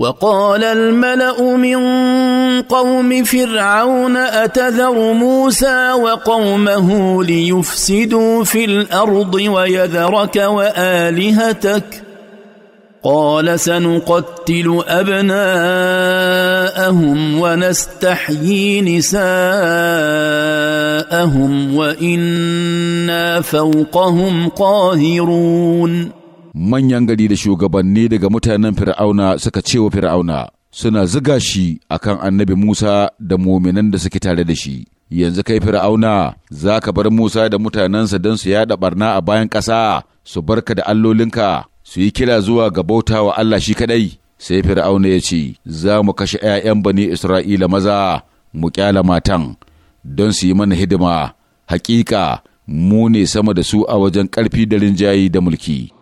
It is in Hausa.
وقال الملا من قوم فرعون اتذر موسى وقومه ليفسدوا في الارض ويذرك والهتك قال سنقتل ابناءهم ونستحيي نساءهم وانا فوقهم قاهرون manyan gari da shugabanni daga mutanen fir'auna suka ce wa fir'auna suna ziga shi a kan annabi musa da muminan da suke tare da shi yanzu kai fir'auna za ka bar musa da mutanensa don su yaɗa barna a bayan ƙasa su barka da allolinka su yi kira zuwa ga bauta wa allah shi kaɗai? sai fir'auna ya ce za mu kashe 'ya'yan bani isra'ila maza mu kyala matan don su yi mana hidima hakika mu ne sama da su a wajen ƙarfi da rinjayi da mulki